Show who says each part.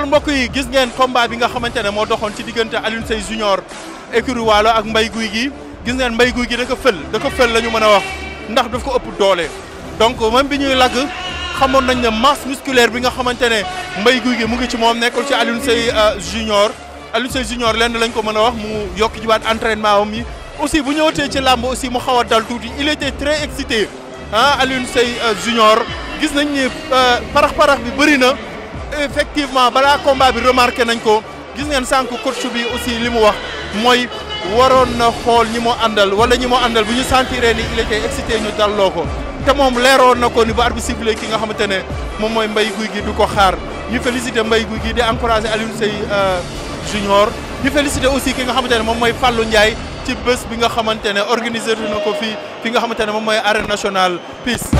Speaker 1: alors mbokk yi gis ngeen combat bi nga xamante ne moo doxoon ci diggante Alioune Seye junior écurie Waalo ak Mbaye Gouye gi gis ngeen Mbaye Gouye Gui da ko fël da fël la ñu mën a wax ndax daf ko ëpp doole donc même bi ñuy lagg xamoon nañ ne masse musculaire bi nga xamante ne Mbaye Gouye mu ngi ci moom nekkul ci Alioune say euh, junior Alioune Seye junior lenn lañ ko mën a wax mu yokk jiwaat entraînement am yi aussi bu ñëwatee ci làmb aussi mu xaw a dal tuuti il était très excité ah Alioune Seye euh, gis nañ euh, bi bëri na. effectivement balaa combat bi remarqué nañ ko gis ngeen sànq coach bi aussi li mu wax mooy waroon na xool ñi mu àndal wala ñi mu àndal bu ñu sentiree ni il était excité ñu dalloo ko te moom leeroon na ko ni bu arbitre sifflé ki nga xamante ne moom mooy mbay Gouy gi du ko xaar ñu félicité Mbaye Gouy Gui di encouragé Alioune Seye euh, junior ñu félicité aussi ki nga xamante ne moom mooy Fallou Ndiaye ci bés bi nga xamante ne organisé na ko fii fi nga xamante ne moom mooy arène nationale peace